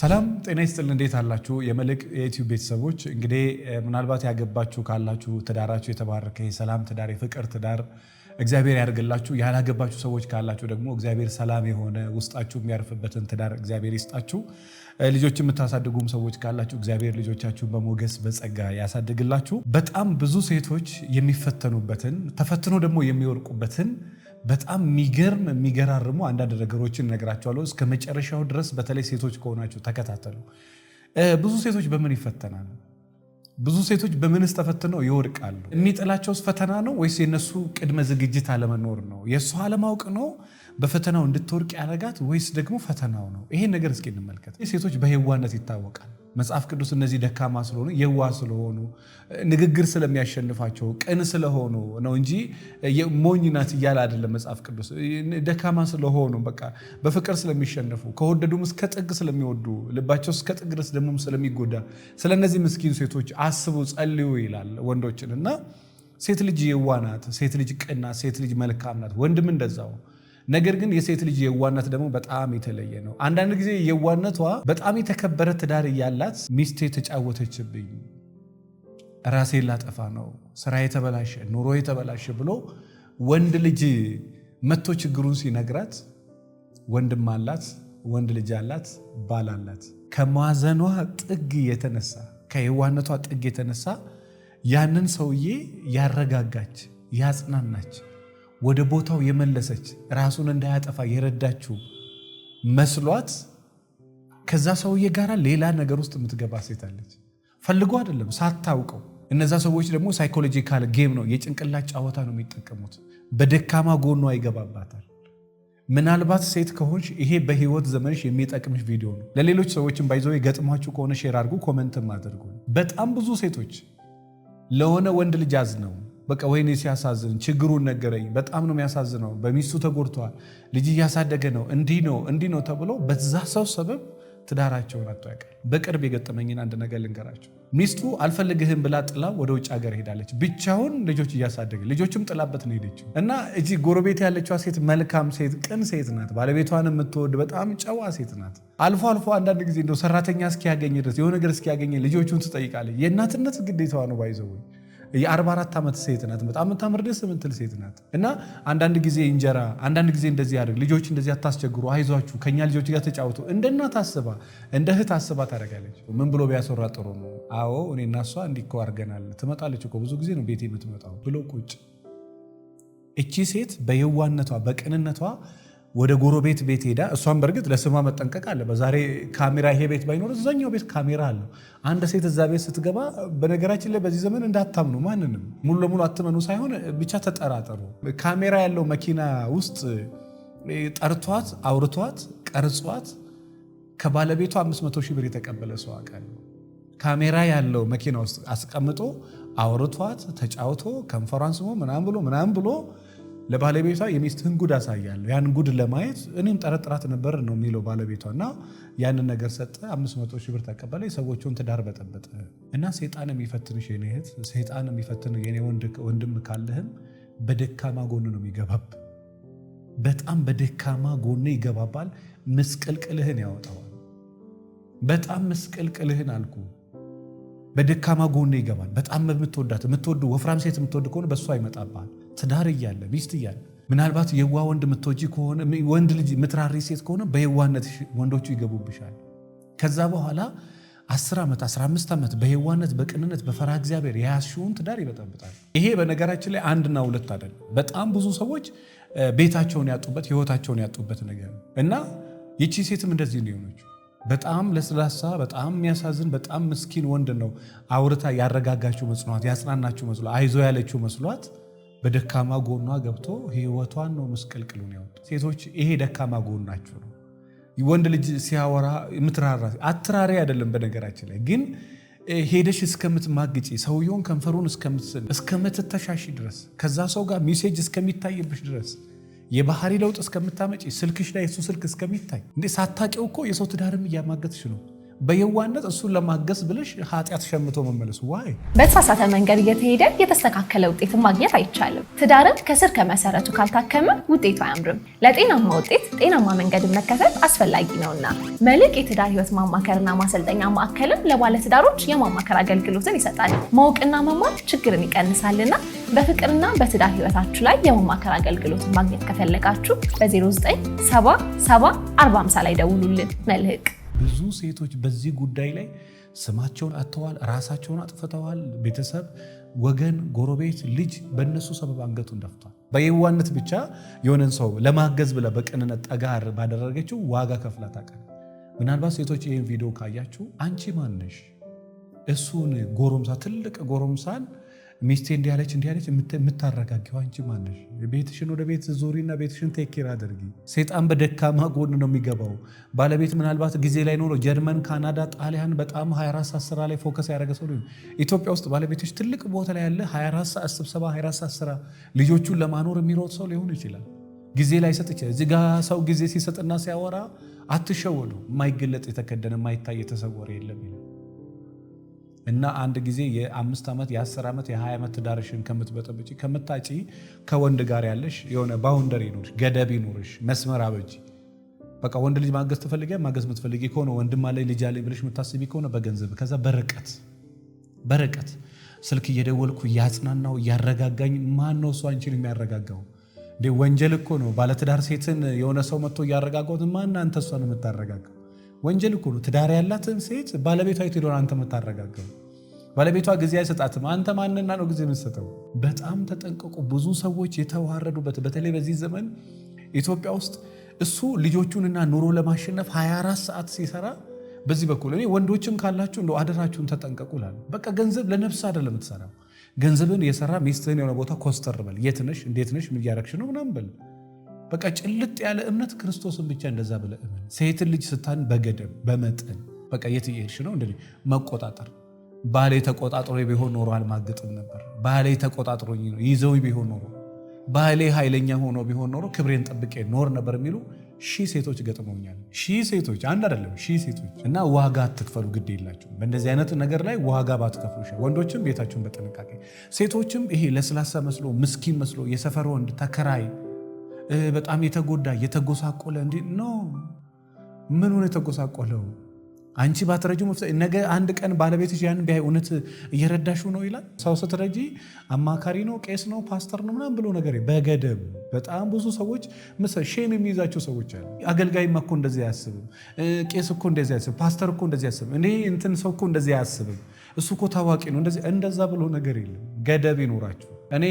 ሰላም ጤና ይስጥል። እንዴት አላችሁ? የመልሕቅ የዩቲዩብ ቤተሰቦች እንግዲህ ምናልባት ያገባችሁ ካላችሁ ትዳራችሁ የተባረከ የሰላም ትዳር፣ የፍቅር ትዳር እግዚአብሔር ያደርግላችሁ። ያላገባችሁ ሰዎች ካላችሁ ደግሞ እግዚአብሔር ሰላም የሆነ ውስጣችሁ የሚያርፍበትን ትዳር እግዚአብሔር ይስጣችሁ። ልጆች የምታሳድጉም ሰዎች ካላችሁ እግዚአብሔር ልጆቻችሁን በሞገስ በጸጋ ያሳድግላችሁ። በጣም ብዙ ሴቶች የሚፈተኑበትን ተፈትኖ ደግሞ የሚወርቁበትን በጣም የሚገርም የሚገራርሙ አንዳንድ ነገሮችን እነግራቸዋለሁ። እስከ መጨረሻው ድረስ በተለይ ሴቶች ከሆናችሁ ተከታተሉ። ብዙ ሴቶች በምን ይፈተናሉ? ብዙ ሴቶች በምንስ ተፈትነው ይወድቃሉ? የሚጥላቸውስ ፈተና ነው ወይስ የነሱ ቅድመ ዝግጅት አለመኖር ነው? የእሱ አለማወቅ ነው በፈተናው እንድትወድቅ ያደረጋት ወይስ ደግሞ ፈተናው ነው? ይሄን ነገር እስኪ እንመልከት። ሴቶች በሔዋነት ይታወቃል። መጽሐፍ ቅዱስ እነዚህ ደካማ ስለሆኑ የዋ ስለሆኑ ንግግር ስለሚያሸንፋቸው ቅን ስለሆኑ ነው እንጂ ሞኝ ናት እያለ አይደለም። መጽሐፍ ቅዱስ ደካማ ስለሆኑ በቃ በፍቅር ስለሚሸነፉ ከወደዱም እስከ ጥግ ስለሚወዱ ልባቸው እስከ ጥግ ድረስ ደግሞ ስለሚጎዳ ስለነዚህ ምስኪን ሴቶች አስቡ፣ ጸልዩ ይላል ወንዶችን እና ሴት ልጅ የዋ ናት፣ ሴት ልጅ ቅን ናት፣ ሴት ልጅ መልካም ናት። ወንድም እንደዛው ነገር ግን የሴት ልጅ የዋነት ደግሞ በጣም የተለየ ነው። አንዳንድ ጊዜ የዋነቷ በጣም የተከበረ ትዳር እያላት ሚስቴ ተጫወተችብኝ፣ ራሴ ላጠፋ ነው፣ ስራ የተበላሸ ኑሮ የተበላሸ ብሎ ወንድ ልጅ መጥቶ ችግሩን ሲነግራት ወንድም አላት፣ ወንድ ልጅ አላት፣ ባል አላት። ከማዘኗ ጥግ የተነሳ ከየዋነቷ ጥግ የተነሳ ያንን ሰውዬ ያረጋጋች ያጽናናች ወደ ቦታው የመለሰች ራሱን እንዳያጠፋ የረዳችው መስሏት ከዛ ሰውዬ ጋር ሌላ ነገር ውስጥ የምትገባ ሴት አለች። ፈልጎ አይደለም ሳታውቀው። እነዛ ሰዎች ደግሞ ሳይኮሎጂካል ጌም ነው፣ የጭንቅላት ጨዋታ ነው የሚጠቀሙት። በደካማ ጎኗ ይገባባታል። ምናልባት ሴት ከሆንሽ ይሄ በህይወት ዘመንሽ የሚጠቅምሽ ቪዲዮ ነው። ለሌሎች ሰዎችን ባይዘው የገጥሟችሁ ከሆነ ሼር አድርጉ፣ ኮመንትም አድርጉ። በጣም ብዙ ሴቶች ለሆነ ወንድ ልጅ አዝነው በቃ ወይኔ ሲያሳዝን ችግሩን ነገረኝ። በጣም ነው የሚያሳዝነው። በሚስቱ ተጎድተዋል። ልጅ እያሳደገ ነው። እንዲህ ነው እንዲህ ነው ተብሎ በዛ ሰው ሰበብ ትዳራቸውን አጥቶ ያውቃል። በቅርብ የገጠመኝን አንድ ነገር ልንገራቸው። ሚስቱ አልፈልግህም ብላ ጥላ ወደ ውጭ ሀገር ሄዳለች። ብቻውን ልጆች እያሳደገ ልጆችም ጥላበት ነው ሄደችው እና እዚህ ጎረቤት ያለችዋ ሴት መልካም ሴት፣ ቅን ሴት ናት። ባለቤቷን የምትወድ በጣም ጨዋ ሴት ናት። አልፎ አልፎ አንዳንድ ጊዜ እንደው ሰራተኛ እስኪያገኝ ድረስ የሆነ ነገር እስኪያገኝ ልጆቹን ትጠይቃለች። የእናትነት ግዴታዋ ነው ባይዘው የ ዓመት ሴት ናት። በጣም የምታምር ደስ የምትል ሴት ናት። እና አንዳንድ ጊዜ እንጀራ፣ አንዳንድ ጊዜ እንደዚህ ያደርግ ልጆች እንደዚህ አታስቸግሩ፣ አይዟችሁ፣ ከኛ ልጆች ጋር ተጫውቱ፣ እንደ እናት አስባ፣ እንደ እህት አስባ ታደርጋለች። ምን ብሎ ቢያስወራ ጥሩ ነው። አዎ እኔ እና እሷ እንዲህ እኮ አድርገናል። ትመጣለች እኮ ብዙ ጊዜ ነው ቤት የምትመጣው ብሎ ቁጭ እቺ ሴት በየዋነቷ በቅንነቷ ወደ ጎረቤት ቤት ሄዳ እሷን በእርግጥ ለስሟ መጠንቀቅ አለ። በዛሬ ካሜራ ይሄ ቤት ባይኖር እዛኛው ቤት ካሜራ አለው። አንድ ሴት እዛ ቤት ስትገባ፣ በነገራችን ላይ በዚህ ዘመን እንዳታምኑ ማንንም ሙሉ ለሙሉ አትመኑ ሳይሆን ብቻ ተጠራጠሩ። ካሜራ ያለው መኪና ውስጥ ጠርቷት፣ አውርቷት፣ ቀርጿት ከባለቤቱ 500 ሺህ ብር የተቀበለ ሰው አውቃለሁ። ካሜራ ያለው መኪና ውስጥ አስቀምጦ አውርቷት፣ ተጫውቶ ከንፈሯን ስሞ ምናምን ብሎ ምናምን ብሎ ለባለቤቷ የሚስትህን ጉድ አሳያለሁ። ያን ጉድ ለማየት እኔም ጠረጥራት ነበር ነው የሚለው ባለቤቷ እና ያንን ነገር ሰጠ። 500 ሺህ ብር ተቀበለ። ሰዎቹን ትዳር በጠበጠ እና ሴጣን የሚፈትንሽ የኔ እህት፣ ሴጣን የሚፈትን የኔ ወንድም ካለህም በደካማ ጎን ነው የሚገባብ። በጣም በደካማ ጎን ይገባባል። ምስቅልቅልህን ያወጣዋል። በጣም ምስቅልቅልህን አልኩ። በደካማ ጎን ይገባል። በጣም የምትወዳት የምትወዱ ወፍራም ሴት የምትወድ ከሆነ በእሱ አይመጣባል ትዳር እያለ ሚስት እያለ ምናልባት የዋ ወንድ የምትወጂ ከሆነ ወንድ ልጅ ምትራሪ ሴት ከሆነ በየዋነት ወንዶቹ ይገቡብሻል። ከዛ በኋላ 10 ዓመት 15 ዓመት በየዋነት በቅንነት በፈራ እግዚአብሔር የያዝሽውን ትዳር ይበጠብጣል። ይሄ በነገራችን ላይ አንድና ሁለት አይደለም። በጣም ብዙ ሰዎች ቤታቸውን ያጡበት ህይወታቸውን ያጡበት ነገር ነው እና ይቺ ሴትም እንደዚህ ሊሆነችው በጣም ለስላሳ በጣም የሚያሳዝን በጣም ምስኪን ወንድ ነው አውርታ ያረጋጋችው መስሏት ያጽናናችው መስሏት አይዞ ያለችው መስሏት በደካማ ጎኗ ገብቶ ህይወቷን ነው ምስቅልቅሉን ያወጡ። ሴቶች ይሄ ደካማ ጎናችሁ ነው። ወንድ ልጅ ሲያወራ የምትራራ አትራሪ አይደለም። በነገራችን ላይ ግን ሄደሽ እስከምትማግጪ ሰውየውን ከንፈሩን እስከምትስል እስከምትተሻሽ ድረስ ከዛ ሰው ጋር ሜሴጅ እስከሚታይብሽ ድረስ የባህሪ ለውጥ እስከምታመጪ ስልክሽ ላይ የሱ ስልክ እስከሚታይ እንዴ ሳታቂው እኮ የሰው ትዳርም እያማገትሽ ነው። በየዋነት እሱን ለማገስ ብልሽ ኃጢአት ሸምቶ መመለስ ዋይ በተሳሳተ መንገድ እየተሄደ የተስተካከለ ውጤትን ማግኘት አይቻልም። ትዳርን ከስር ከመሰረቱ ካልታከመ ውጤቱ አያምርም። ለጤናማ ውጤት ጤናማ መንገድን መከተል አስፈላጊ ነውና መልሕቅ የትዳር ህይወት ማማከርና ማሰልጠኛ ማዕከልም ለባለትዳሮች የማማከር አገልግሎትን ይሰጣል። ማወቅና መማር ችግርን ይቀንሳልና በፍቅርና በትዳር ህይወታችሁ ላይ የማማከር አገልግሎትን ማግኘት ከፈለጋችሁ በ0977 4050 ላይ ደውሉልን። መልሕቅ ብዙ ሴቶች በዚህ ጉዳይ ላይ ስማቸውን አጥተዋል፣ ራሳቸውን አጥፍተዋል። ቤተሰብ፣ ወገን፣ ጎረቤት፣ ልጅ በእነሱ ሰበብ አንገቱን ደፍቷል። በየዋነት ብቻ የሆነን ሰው ለማገዝ ብላ በቅንነት ጠጋር ባደረገችው ዋጋ ከፍላ ታውቃል። ምናልባት ሴቶች ይህን ቪዲዮ ካያችሁ አንቺ ማነሽ እሱን ጎረምሳ ትልቅ ጎረምሳን ሚስቴ እንዲያለች እንዲያለች የምታረጋጊው አንቺ ማነሽ? ቤትሽን ወደ ቤት ዙሪና ቤትሽን ቴኬር አድርጊ። ሴጣን በደካማ ጎን ነው የሚገባው። ባለቤት ምናልባት ጊዜ ላይ ኖሮ ጀርመን፣ ካናዳ፣ ጣሊያን በጣም 24 ሰዓት ስራ ላይ ፎከስ ያደረገ ሰው ኢትዮጵያ ውስጥ ባለቤቶች ትልቅ ቦታ ላይ ያለ 24 ሰዓት ስብሰባ፣ 24 ሰዓት ስራ፣ ልጆቹን ለማኖር የሚሮጥ ሰው ሊሆን ይችላል። ጊዜ ላይ ሰጥ ይችላል። እዚህ ጋ ሰው ጊዜ ሲሰጥና ሲያወራ አትሸወዱ። የማይገለጥ የተከደነ የማይታይ የተሰወረ የለም። እና አንድ ጊዜ የአምስት ዓመት የአስር ዓመት የሀያ ዓመት ትዳርሽን ከምትበጠብጪ ከምታጪ ከወንድ ጋር ያለሽ የሆነ ባውንደር ይኑርሽ፣ ገደብ ይኑርሽ፣ መስመር አበጂ። በቃ ወንድ ልጅ ማገዝ ትፈልጊ ማገዝ የምትፈልጊ ከሆነ ወንድም አለኝ ልጅ አለኝ ብለሽ የምታስቢ ከሆነ በገንዘብ ከዛ በርቀት በርቀት ስልክ እየደወልኩ እያጽናናው እያረጋጋኝ ማን ነው እሱ አንቺን የሚያረጋጋው እንዴ? ወንጀል እኮ ነው። ባለትዳር ሴትን የሆነ ሰው መጥቶ እያረጋጋት ማን ማናንተ እሷን የምታረጋጋ ወንጀል እኮ ነው። ትዳር ያላትን ሴት ባለቤቷ የት ሄዶ አንተ የምታረጋገው? ባለቤቷ ጊዜ አይሰጣትም። አንተ ማንና ነው ጊዜ የምትሰጠው? በጣም ተጠንቀቁ። ብዙ ሰዎች የተዋረዱበት በተለይ በዚህ ዘመን ኢትዮጵያ ውስጥ እሱ ልጆቹንና ኑሮ ለማሸነፍ 24 ሰዓት ሲሰራ በዚህ በኩል እኔ ወንዶችም ካላችሁ እንደ አደራችሁን ተጠንቀቁ ላሉ በቃ ገንዘብ ለነፍስ አይደለም የምትሰራው። ገንዘብን የሰራ ሚስትህን የሆነ ቦታ ኮስተር በል። የትነሽ እንዴትነሽ እንዴት ምን እያረግሽ ነው? ምናምን በል በቃ ጭልጥ ያለ እምነት ክርስቶስን ብቻ እንደዛ ብለ እመን። ሴትን ልጅ ስታን በገደብ በመጠን በቃ የት እየሄድሽ ነው? እንደ መቆጣጠር ባሌ ተቆጣጥሮ ቢሆን ኖሮ አልማግጥም ነበር። ባሌ ተቆጣጥሮ ይዘው ቢሆን ኖሮ፣ ባሌ ኃይለኛ ሆኖ ቢሆን ኖሮ ክብሬን ጠብቄ ኖር ነበር የሚሉ ሺህ ሴቶች ገጥመውኛል። ሺህ ሴቶች አንድ አይደለም፣ ሺህ ሴቶች እና ዋጋ አትክፈሉ፣ ግድ የላቸው በእንደዚህ አይነት ነገር ላይ ዋጋ ባትከፍሉ ይሻል። ወንዶችም ቤታችሁን በጥንቃቄ ሴቶችም ይሄ ለስላሳ መስሎ ምስኪን መስሎ የሰፈር ወንድ ተከራይ በጣም የተጎዳ የተጎሳቆለ እንዲ ኖ ምን ሆነ የተጎሳቆለው? አንቺ ባትረጂ ነገ አንድ ቀን ባለቤትሽ ያን ቢያይ እውነት እየረዳሽው ነው ይላል። ሰው ስትረጂ አማካሪ ነው፣ ቄስ ነው፣ ፓስተር ነው ምናምን ብሎ ነገር በገደብ በጣም ብዙ ሰዎች ሼም የሚይዛቸው ሰዎች አሉ። አገልጋይማ እኮ እንደዚህ አያስብም፣ ቄስ እኮ እንደዚህ አያስብም፣ ፓስተር እኮ እንደዚህ አያስብም፣ እኔ እንትን ሰው እኮ እንደዚህ አያስብም፣ እሱ እኮ ታዋቂ ነው እንደዚህ። እንደዛ ብሎ ነገር የለም። ገደብ ይኖራቸው እኔ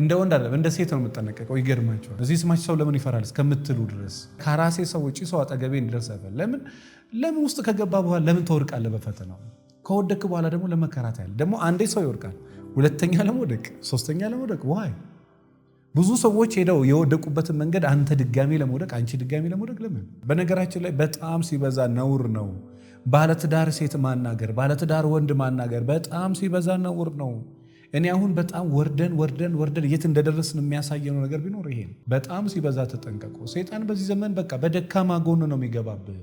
እንደ ወንድ አይደለም እንደ ሴት ነው የምጠነቀቀው። ይገርማቸዋል። እዚህ ስማች ሰው ለምን ይፈራል እስከምትሉ ድረስ ከራሴ ሰው ውጭ ሰው አጠገቤ እንዲደርስ አይፈል። ለምን ለምን ውስጥ ከገባ በኋላ ለምን ተወድቃለህ በፈተናው ከወደክ በኋላ ደግሞ ለመከራት ያለ ደግሞ አንዴ ሰው ይወድቃል፣ ሁለተኛ ለመውደቅ፣ ሶስተኛ ለመውደቅ ዋይ ብዙ ሰዎች ሄደው የወደቁበትን መንገድ አንተ ድጋሚ ለመውደቅ አንቺ ድጋሚ ለመውደቅ ለምን? በነገራችን ላይ በጣም ሲበዛ ነውር ነው ባለትዳር ሴት ማናገር፣ ባለትዳር ወንድ ማናገር በጣም ሲበዛ ነውር ነው። እኔ አሁን በጣም ወርደን ወርደን ወርደን የት እንደደረስን የሚያሳየነው ነገር ቢኖር ይሄ ነው። በጣም ሲበዛ ተጠንቀቁ። ሰይጣን በዚህ ዘመን በቃ በደካማ ጎን ነው የሚገባብህ።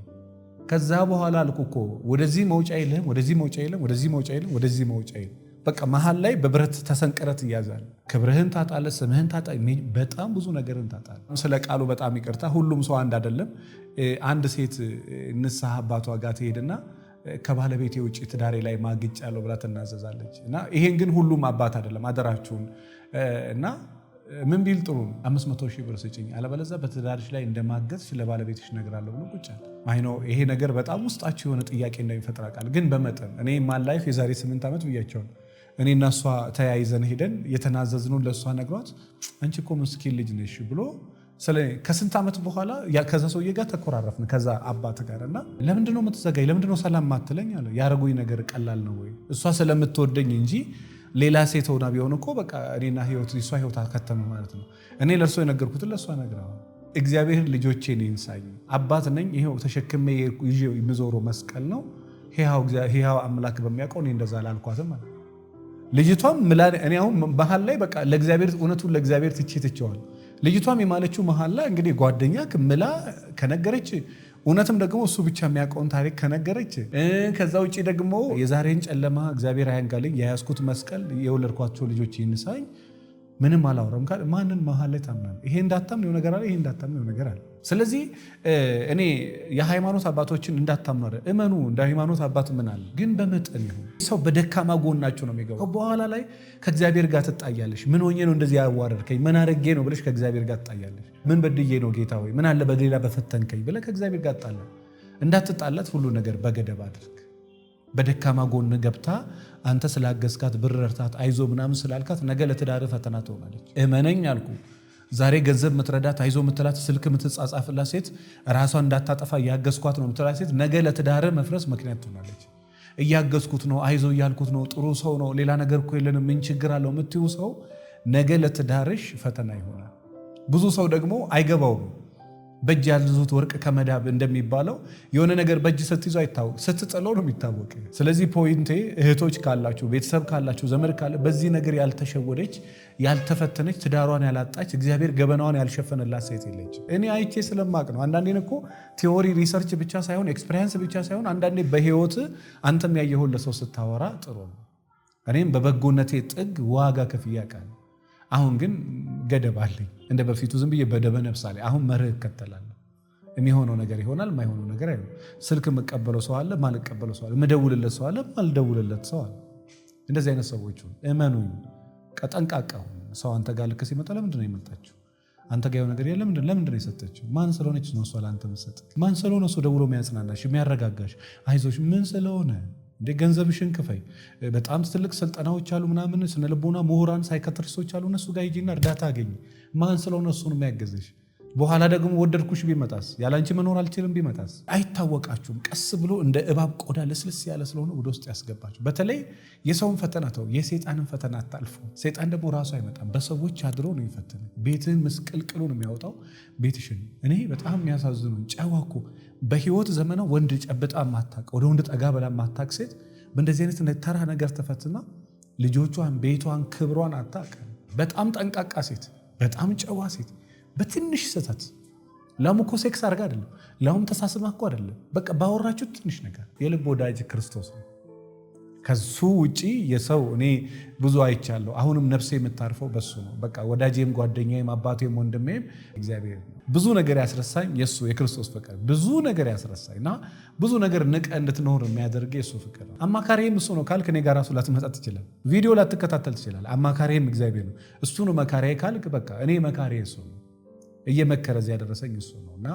ከዛ በኋላ አልኩ እኮ ወደዚህ መውጫ የለህም፣ ወደዚህ መውጫ የለም፣ ወደዚህ መውጫ የለም፣ ወደዚህ መውጫ የለም። በቃ መሀል ላይ በብረት ተሰንቀረት እያዛል። ክብርህን ታጣለ፣ ስምህን ታጣ፣ በጣም ብዙ ነገርን ታጣለህ። ስለ ቃሉ በጣም ይቅርታ፣ ሁሉም ሰው አንድ አይደለም። አንድ ሴት ንስሐ አባቷ ጋር ትሄድና ከባለቤት የውጭ ትዳሬ ላይ ማግጫ ያለው ብላ ትናዘዛለች። እና ይሄን ግን ሁሉም አባት አይደለም አደራችሁን። እና ምን ቢል ጥሩ ነው፣ 500 ሺህ ብር ስጭኝ፣ አለበለዚያ በትዳርሽ ላይ እንደማገዝሽ ለባለቤትሽ እነግራለሁ ብሎ ቁጭ አለ። አይኖ ይሄ ነገር በጣም ውስጣቸው የሆነ ጥያቄ እንደሚፈጥር ቃል ግን በመጠን እኔ ማን ላይፍ የዛሬ ስምንት ዓመት ብያቸው ነው እኔ እና እሷ ተያይዘን ሄደን የተናዘዝኑ ለእሷ ነግሯት አንቺ እኮ ምስኪን ልጅ ነሽ ብሎ ከስንት ዓመት በኋላ ከዛ ሰውዬ ጋር ተኮራረፍን፣ ከዛ አባት ጋር እና ለምንድነው የምትዘጋኝ? ለምንድነው ሰላም ማትለኝ አለ። ያረጉኝ ነገር ቀላል ነው ወይ? እሷ ስለምትወደኝ እንጂ ሌላ ሴት ሆና ቢሆን እኮ በቃ እኔና ህይወት እሷ ህይወት አከተመ ማለት ነው። እኔ ለእርሶ የነገርኩትን ለእሷ ነግረ እግዚአብሔር ልጆቼ ይንሳኝ፣ አባት ነኝ። ይኸው ተሸክሜ የምዞሮ መስቀል ነው። ሕያው አምላክ በሚያውቀው እኔ እንደዛ ላልኳትም አለ። ልጅቷም እኔ አሁን መሀል ላይ በቃ ለእግዚአብሔር እውነቱን ለእግዚአብሔር ትቼ ትቼዋለሁ ልጅቷም የማለችው መሀላ እንግዲህ ጓደኛ ክምላ ከነገረች እውነትም ደግሞ እሱ ብቻ የሚያውቀውን ታሪክ ከነገረች፣ ከዛ ውጭ ደግሞ የዛሬን ጨለማ እግዚአብሔር አያንጋልኝ፣ የያዝኩት መስቀል የወለድኳቸው ልጆች ይንሳኝ ምንም አላወራም ካለ ማንን መሀል ላይ ታምናለህ? ይሄ እንዳታምን የሆነ ነገር አለ፣ ይሄ እንዳታምን የሆነ ነገር አለ። ስለዚህ እኔ የሃይማኖት አባቶችን እንዳታምኑ አይደል፣ እመኑ። እንደ ሃይማኖት አባት ምን አለ ግን በመጠን ይሁን። ሰው በደካማ ጎናቸው ነው የሚገባው። በኋላ ላይ ከእግዚአብሔር ጋር ትጣያለሽ። ምን ሆኜ ነው እንደዚህ ያዋረድከኝ? ምን አድርጌ ነው ብለሽ ከእግዚአብሔር ጋር ትጣያለሽ። ምን በድዬ ነው ጌታ ሆይ ምን አለ በሌላ በፈተንከኝ ብለህ ከእግዚአብሔር ጋር ትጣላለህ። እንዳትጣላት ሁሉ ነገር በገደብ አድርግ። በደካማ ጎን ገብታ አንተ ስላገዝካት ብር ረድታት አይዞ ምናምን ስላልካት ነገ ለትዳር ፈተና ትሆናለች። እመነኝ አልኩ። ዛሬ ገንዘብ ምትረዳት አይዞ ምትላት ስልክ ምትጻጻፍላት ሴት ራሷን እንዳታጠፋ እያገዝኳት ነው ምትላት ሴት ነገ ለትዳር መፍረስ ምክንያት ትሆናለች። እያገዝኩት ነው፣ አይዞ እያልኩት ነው፣ ጥሩ ሰው ነው፣ ሌላ ነገር እኮ የለንም፣ ምን ችግር አለው የምትይው ሰው ነገ ለትዳርሽ ፈተና ይሆናል። ብዙ ሰው ደግሞ አይገባውም በእጅ ያልዙት ወርቅ ከመዳብ እንደሚባለው የሆነ ነገር በእጅ ስትይዞ አይታወቅ፣ ስትጥለው ነው የሚታወቅ። ስለዚህ ፖይንቴ እህቶች ካላችሁ፣ ቤተሰብ ካላችሁ፣ ዘመድ ካለ በዚህ ነገር ያልተሸወደች ያልተፈተነች፣ ትዳሯን ያላጣች፣ እግዚአብሔር ገበናዋን ያልሸፈነላት ሴት የለች። እኔ አይቼ ስለማቅ ነው። አንዳንዴን እኮ ቲዎሪ ሪሰርች ብቻ ሳይሆን ኤክስፔሪንስ ብቻ ሳይሆን አንዳንዴ በህይወት አንተም ያየሆን ለሰው ስታወራ ጥሩ ነው። እኔም በበጎነቴ ጥግ ዋጋ ከፍያ ቃል አሁን ግን ገደብ አለኝ። እንደ በፊቱ ዝም ብዬ በደበነፍስ አለ። አሁን መርህ እከተላለሁ። የሚሆነው ነገር ይሆናል፣ የማይሆነው ነገር አይሆንም። ስልክ የምቀበለው ሰው አለ፣ ማልቀበለው ሰው አለ፣ የምደውልለት ሰው አለ፣ ማልደውልለት ሰው አለ። እንደዚህ አይነት ሰዎች እመኑኝ፣ ቀጠንቃቃ ሰው አንተ ጋር ልክ ሲመጣ ለምንድነው ነው የመጣችው? አንተ ጋር የሆነ ነገር የለም ለምንድን ነው የሰጠችው? ማን ስለሆነች ነው እሷ ለአንተ መሰጠ? ማን ስለሆነ እሱ ደውሎ የሚያጽናናሽ የሚያረጋጋሽ አይዞሽ ምን ስለሆነ እንደ ገንዘብሽን ክፈይ። በጣም ትልቅ ስልጠናዎች አሉ ምናምን፣ ስነልቦና ምሁራን፣ ሳይካትሪስቶች አሉ። እነሱ ጋር ሂጂና እርዳታ አገኝ። ማን ስለሆነ እሱን የሚያገዝሽ በኋላ ደግሞ ወደድኩሽ ቢመጣስ ያላንቺ መኖር አልችልም ቢመጣስ አይታወቃችሁም። ቀስ ብሎ እንደ እባብ ቆዳ ልስልስ ያለ ስለሆነ ወደ ውስጥ ያስገባችሁ። በተለይ የሰውን ፈተና ተው፣ የሴጣንን ፈተና አታልፉ። ሴጣን ደግሞ ራሱ አይመጣም፣ በሰዎች አድሮ ነው የሚፈትን። ቤትህን ምስቅልቅሉ ነው የሚያወጣው ቤትሽን። እኔ በጣም የሚያሳዝኑ ጨዋ እኮ በህይወት ዘመና ወንድ ጨብጣ ማታቅ፣ ወደ ወንድ ጠጋ በላ ማታቅ ሴት በእንደዚህ አይነት ተራ ነገር ተፈትና ልጆቿን፣ ቤቷን፣ ክብሯን አታቅ። በጣም ጠንቃቃ ሴት፣ በጣም ጨዋ ሴት በትንሽ ስህተት ላሙ እኮ ሴክስ አድርጋ አይደለም፣ ላሙም ተሳስማ እኮ አይደለም። በቃ ባወራችሁ ትንሽ ነገር የልብ ወዳጅ ክርስቶስ ነው። ከሱ ውጪ የሰው እኔ ብዙ አይቻለሁ። አሁንም ነፍሴ የምታርፈው በሱ ነው። በቃ ወዳጄም፣ ጓደኛዬም፣ አባቴም፣ ወንድሜም እግዚአብሔር ብዙ ነገር ያስረሳኝ የሱ የክርስቶስ ፍቅር ብዙ ነገር ያስረሳኝ እና ብዙ ነገር ንቀ እንድትኖር የሚያደርግ የሱ ፍቅር ነው። አማካሪም እሱ ነው ካልክ እኔ ጋር ራሱ ላትመጣ ትችላል። ቪዲዮ ላትከታተል ትችላል። አማካሪም እግዚአብሔር ነው። እሱ ነው መካሪ ካልክ በቃ እኔ መካሪ እሱ ነው። እየመከረ እዚያ ያደረሰኝ እሱ ነው እና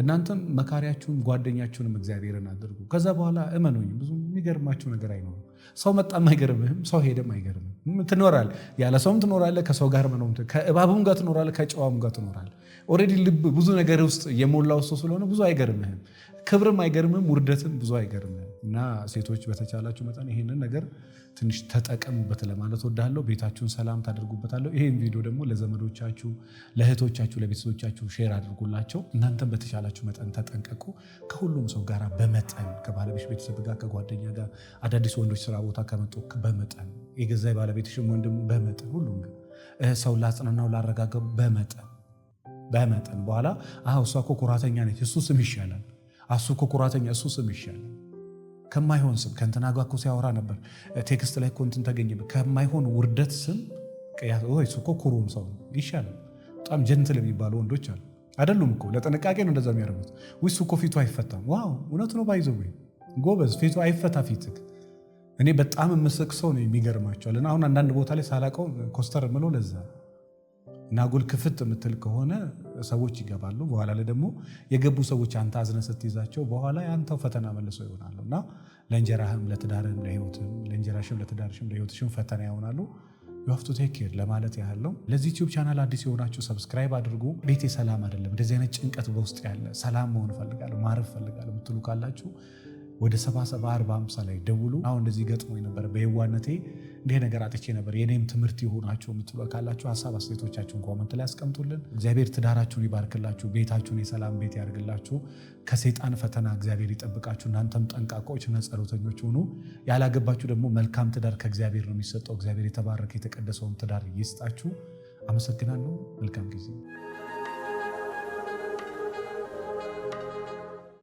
እናንተም መካሪያችሁን ጓደኛችሁንም እግዚአብሔርን አድርጉ። ከዛ በኋላ እመኑኝ ብዙ የሚገርማችሁ ነገር አይኖርም። ሰው መጣም አይገርምህም፣ ሰው ሄደም አይገርምህም። ትኖራል ያለ ሰውም ትኖራለህ፣ ከሰው ጋር መኖም ከእባብም ጋር ትኖራለህ፣ ከጨዋም ጋር ትኖራለህ። ኦልሬዲ ልብ ብዙ ነገር ውስጥ የሞላው ሰው ስለሆነ ብዙ አይገርምህም፣ ክብርም አይገርምህም፣ ውርደትም ብዙ አይገርምህም። እና ሴቶች በተቻላችሁ መጠን ይሄንን ነገር ትንሽ ተጠቀሙበት ለማለት ወዳለው ቤታችሁን ሰላም ታደርጉበታለሁ። ይሄን ቪዲዮ ደግሞ ለዘመዶቻችሁ፣ ለእህቶቻችሁ፣ ለቤተሰቦቻችሁ ሼር አድርጉላቸው። እናንተም በተቻላችሁ መጠን ተጠንቀቁ። ከሁሉም ሰው ጋር በመጠን ከባለቤት ቤተሰብ ጋር ከጓደኛ ጋር አዳዲስ ወንዶች ስራ ቦታ ከመጡ በመጠን የገዛ ባለቤትሽም ወንድም በመጠን ሁሉም ሰው ላጽናናው ላረጋገሩ በመጠን በመጠን በኋላ አዎ እሷ እኮ ኩራተኛ ነች፣ እሱ ስም ይሻላል፣ እሱ እኮ ኩራተኛ፣ እሱ ስም ይሻላል ከማይሆን ስም ከእንትና ጋር እኮ ሲያወራ ነበር ቴክስት ላይ እኮ እንትን ተገኘበት ከማይሆን ውርደት ስም እሱ እኮ ኩሩም ሰው ይሻላል። በጣም ጀንትል የሚባሉ ወንዶች አሉ አይደሉም እኮ ለጥንቃቄ ነው እንደዛ የሚያደርጉት። እሱ እኮ ፊቱ አይፈታም። ዋው እውነት ነው። ባይዘ ጎበዝ ፊቱ አይፈታ ፊትክ እኔ በጣም የምስቅ ሰው ነው የሚገርማቸዋል። እና አሁን አንዳንድ ቦታ ላይ ሳላቀው ኮስተር ምሎ ለዛ እና ክፍት የምትል ከሆነ ሰዎች ይገባሉ። በኋላ ላይ ደግሞ የገቡ ሰዎች አንተ አዝነ ስትይዛቸው በኋላ አንተው ፈተና መልሰው ይሆናሉ እና ለእንጀራህም፣ ለትዳርህም፣ ለህይወትም ለእንጀራሽም፣ ለትዳርሽም፣ ለህይወትሽም ፈተና ይሆናሉ። ዩሀፍቱ ቴክር ለማለት ያህል ነው። ለዚህ ዩቲዩብ ቻናል አዲስ የሆናችሁ ሰብስክራይብ አድርጉ። ቤቴ ሰላም አይደለም። እንደዚህ አይነት ጭንቀት በውስጥ ያለ ሰላም መሆን እፈልጋለሁ፣ ማረፍ እፈልጋለሁ ምትሉ ካላችሁ ወደ 7745 ላይ ደውሉ። አሁን እንደዚህ ገጥሞ ነበር፣ በየዋነቴ እንዲህ ነገር አጥቼ ነበር፣ የኔም ትምህርት የሆናችሁ የምትሉ ካላችሁ ሀሳብ አስተያየቶቻችሁን ኮመንት ላይ ያስቀምጡልን። እግዚአብሔር ትዳራችሁን ይባርክላችሁ፣ ቤታችሁን የሰላም ቤት ያደርግላችሁ፣ ከሰይጣን ፈተና እግዚአብሔር ይጠብቃችሁ። እናንተም ጠንቃቆች እና ጸሎተኞች ሆኑ። ያላገባችሁ ደግሞ መልካም ትዳር ከእግዚአብሔር ነው የሚሰጠው። እግዚአብሔር የተባረከ የተቀደሰውን ትዳር ይስጣችሁ። አመሰግናለሁ። መልካም ጊዜ